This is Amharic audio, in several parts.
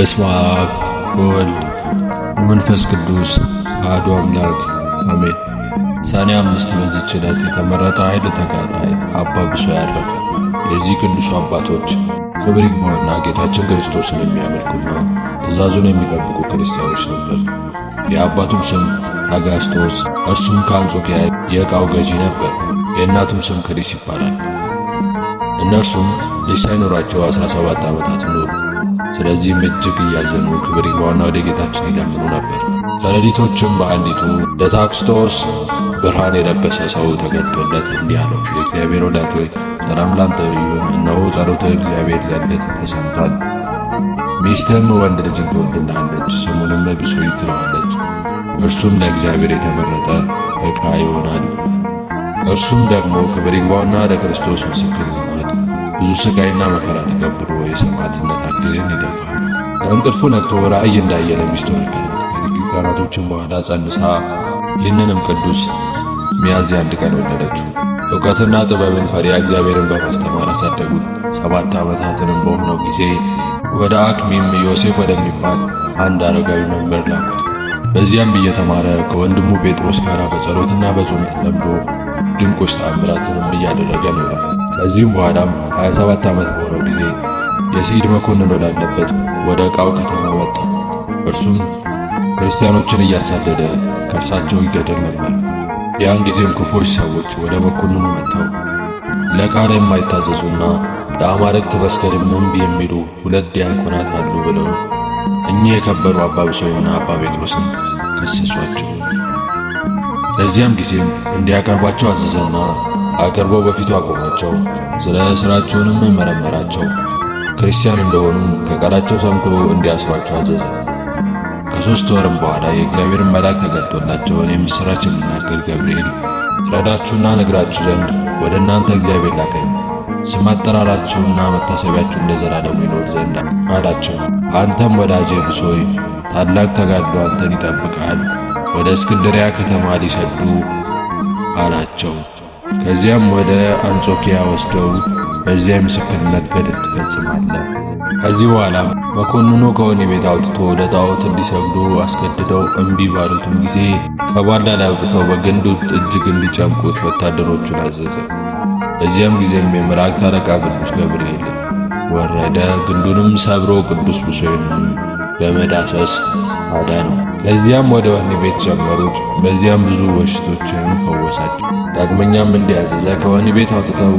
በስመ አብ ወወልድ ወመንፈስ ቅዱስ አሐዱ አምላክ አሜን። ሰኔ አምስት በዚች ዕለት የተመረጠ ኃይል ተጋዳይ አባ ብሶ ያረፈ። የዚህ ቅዱስ አባቶች ክብር ይግባውና ጌታችን ክርስቶስን የሚያመልኩና ትእዛዙን የሚጠብቁ ክርስቲያኖች ነበር። የአባቱም ስም አጋስቶስ፣ እርሱም ከአንጾኪያ የዕቃው ገዢ ነበር። የእናቱም ስም ክሪስ ይባላል። እነርሱም ልጅ ሳይኖራቸው 17 ዓመታት ኖሩ። ስለዚህም እጅግ እያዘኑ ክብር ወደ ጌታችን ይለምኑ ነበር። ከሌሊቶችም በአንዲቱ ለታክስቶስ ብርሃን የለበሰ ሰው ተገልጦለት እንዲህ አለው፣ የእግዚአብሔር ወዳጅ ሆይ ሰላም ላንተ ይሁን። እነሆ ጸሎት እግዚአብሔር ዘንድ ተሰምቷል። ሚስትህም ወንድ ልጅን ትወልድልሃለች፣ ስሙንም ብሶይ ትለዋለች። እርሱም ለእግዚአብሔር የተመረጠ ዕቃ ይሆናል። እርሱም ደግሞ ክብር ይግባውና ለክርስቶስ ምስክር ብዙ ሥቃይና መከራ ተቀብሎ የሰማዕትነት አክሊልን ይደፋል። ከእንቅልፉ ነቅቶ ራእይ እንዳየ ለሚስቱ ነገራት። ከጥቂት ቀናቶችን በኋላ ጸንሳ ይህንንም ቅዱስ ሚያዝያ አንድ ቀን ወለደችው። እውቀትና ጥበብን ፈሪያ እግዚአብሔርን በማስተማር አሳደጉት። ሰባት ዓመታትንም በሆነው ጊዜ ወደ አክሚም ዮሴፍ ወደሚባል አንድ አረጋዊ መምህር ላኩት። በዚያም እየተማረ ከወንድሙ ጴጥሮስ ጋር በጸሎትና በጾም ተጠምዶ ድንቆች ተአምራትንም እያደረገ ኖረ። ከዚሁም በኋላም 27 ዓመት በሆነው ጊዜ የሲድ መኮንን ወዳለበት ወደ ዕቃው ከተማ ወጣ። እርሱም ክርስቲያኖችን እያሳደደ ከእርሳቸው ይገደል ነበር። ያን ጊዜም ክፎች ሰዎች ወደ መኮንኑ መጥተው ለቃል የማይታዘዙና ለአማልክት መስገድም እምቢ የሚሉ ሁለት ዲያቆናት አሉ ብለው እኚህ የከበሩ አባ ብሶይና አባ ጴጥሮስን ከሰሷቸው። በዚያም ጊዜም እንዲያቀርቧቸው አዘዘና አቅርበው በፊቱ አቆማቸው። ስለ ሥራቸውንም መመረመራቸው። ክርስቲያን እንደሆኑም ከቃላቸው ሰምቶ እንዲያስሯቸው አዘዘ። ከሦስት ወርም በኋላ የእግዚአብሔርን መልአክ ተገልጦላቸውን የምሥራች የሚናገር ገብርኤል ረዳችሁና ነግራችሁ ዘንድ ወደ እናንተ እግዚአብሔር ላከኝ። ስም አጠራራችሁና መታሰቢያችሁ እንደ ዘላለሙ ይኖር ዘንድ አላቸው። አንተም ወዳጄ ብሶይ ታላቅ ተጋድሎ አንተን ይጠብቃል። ወደ እስክንድሪያ ከተማ ሊሰዱ አላቸው። ከዚያም ወደ አንጾኪያ ወስደው በዚያ የምስክርነት ገድል ትፈጽማለ። ከዚህ በኋላ መኮንኑ ከወህኒ ቤት አውጥቶ ለጣዖት እንዲሰግዱ አስገድደው እምቢ ባሉትም ጊዜ ከባላ ላይ አውጥተው በግንድ ውስጥ እጅግ እንዲጨምቁት ወታደሮቹን አዘዘ። በዚያም ጊዜም የመላእክት አለቃ ቅዱስ ገብርኤል ወረደ። ግንዱንም ሰብሮ ቅዱስ ብሶይንም በመዳሰስ አዳነው። ከዚያም ወደ ወህኒ ቤት ጨመሩት። በዚያም ብዙ በሽቶችን ፈወሳቸው። ዳግመኛም እንዲያዘዘ ከወህኒ ቤት አውጥተው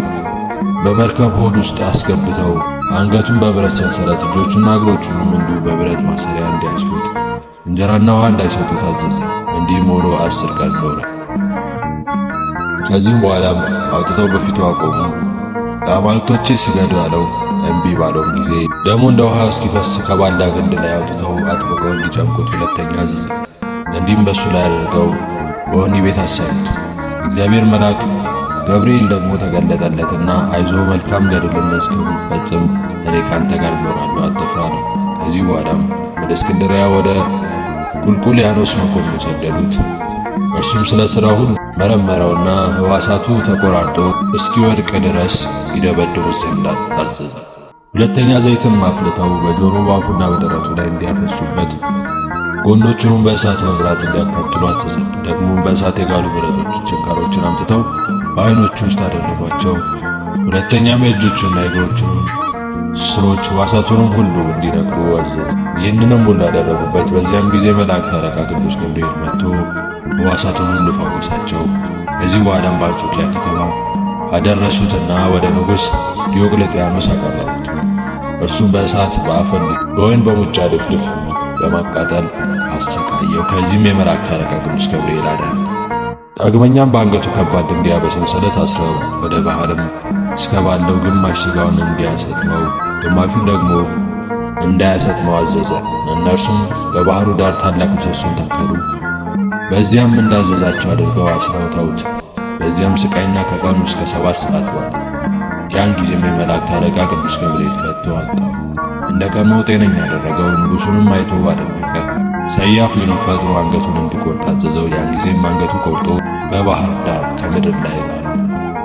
በመርከብ ሆድ ውስጥ አስገብተው አንገቱን በብረት ሰንሰለት እጆቹና እግሮቹንም እንዲሁ በብረት ማሰሪያ እንዲያስሩት እንጀራና ውሃ እንዳይሰጡት አዘዘ። እንዲህም ሆኖ አስር ቀን ኖረ። ከዚህም በኋላም አውጥተው በፊቱ አቆሙ። ለአማልክቶቼ ስገዱ አለው። እምቢ ባለውም ጊዜ ደሙ እንደ ውሃ እስኪፈስ ከባላ ግንድ ላይ አውጥተው አጥብቀው እንዲጨምቁት ሁለተኛ አዘዘ። እንዲህም በእሱ ላይ አድርገው በወህኒ ቤት አሰሩት። እግዚአብሔር መልአክ ገብርኤል ደግሞ ተገለጠለትና አይዞ መልካም ገድልን እስከምንፈጽም እኔ ካንተ ጋር እኖራለሁ አትፍራ ነው። ከዚህ በኋላም ወደ እስክንድሪያ ወደ ቁልቁልያኖስ መኮንን ሰደዱት። እርሱም ስለ ሥራው ሁሉ መረመረውና ሕዋሳቱ ተቆራርጦ እስኪወድቅ ድረስ ይደበድቡት ዘንድ አዘዘ። ሁለተኛ ዘይትም ማፍልተው በጆሮ ባፉና በደረቱ ላይ እንዲያፈሱበት ጎኖቹንም በእሳት መብራት እንዲያካትሉ አዘዘ። ደግሞ በእሳት የጋሉ ብረቶች ችንካሮችን አምጥተው በአይኖቹ ውስጥ አደረጓቸው። ሁለተኛም የእጆችና የእግሮችን ስሮች ዋሳቱንም ሁሉ እንዲነቅሉ አዘዘ። ይህንንም ሁሉ ያደረጉበት። በዚያም ጊዜ መላእክት አለቃ ቅዱስ ገብርኤል መጥቶ ዋሳቱን ሁሉ ፈወሳቸው። ከዚህ በኋላም በአንጾኪያ ከተማ አደረሱትና ወደ ንጉሥ ዲዮቅልጥያኖስ አቀረቡት። እርሱም በእሳት በአፈን በወይን በሙጫ ድፍድፍ በማቃጠል አሰቃየው። ከዚህም የመላእክት አለቃ ቅዱስ ገብርኤል አዳነ። ዳግመኛም በአንገቱ ከባድ ድንጋይ በሰንሰለት አስረው ወደ ባህርም እስከ ባለው ግማሽ ሥጋውን እንዲያሰጥመው ግማሹን ደግሞ እንዳያሰጥመው አዘዘ። እነርሱም በባህሩ ዳር ታላቅ ምሰሶን ተከሉ። በዚያም እንዳዘዛቸው አድርገው አስረውተውት በዚያም ስቃይና ከቀኑ እስከ ሰባት ሰዓት በኋላ ያን ጊዜም የመላእክት አለቃ ቅዱስ ገብርኤል ፈቶ አጣ። እንደ ቀድሞ ጤነኛ ያደረገው ንጉሱንም አይቶ ባደነቀ፣ ሰያፉን ፈጥሮ አንገቱን እንዲቆርጥ አዘዘው። ያን ጊዜም አንገቱ ቆርጦ በባህር ዳር ከምድር ላይ ጣለ።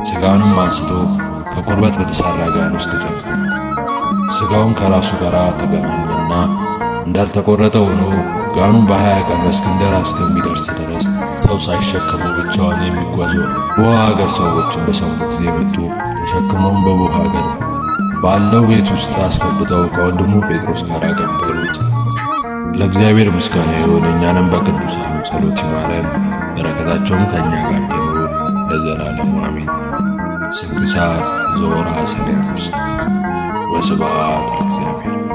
ስጋውንም አንስቶ ከቁርበት በተሰራ ጋን ውስጥ ጨመረ። ስጋውን ከራሱ ጋር ተገናኘና እንዳልተቆረጠ ሆኖ ቀኑን በሀያ ቀን በእስክንደራ እስከሚደርስ ድረስ ሰው ሳይሸከሙ ብቻዋን የሚጓዙ በውሃ ሀገር ሰዎችን በሰሙ ጊዜ መጡ። ተሸክመውን በውሃ ሀገር ባለው ቤት ውስጥ አስገብተው ከወንድሙ ጴጥሮስ ጋር አቀበሉት። ለእግዚአብሔር ምስጋና ይሁን፣ እኛንም በቅዱሳኑ ጸሎት ይማረን፣ በረከታቸውም ከእኛ ጋር ትኑር ለዘላለሙ አሜን። ስንክሳር ዘወርኀ ሰኔ አምስት። ወስብሐት ለእግዚአብሔር።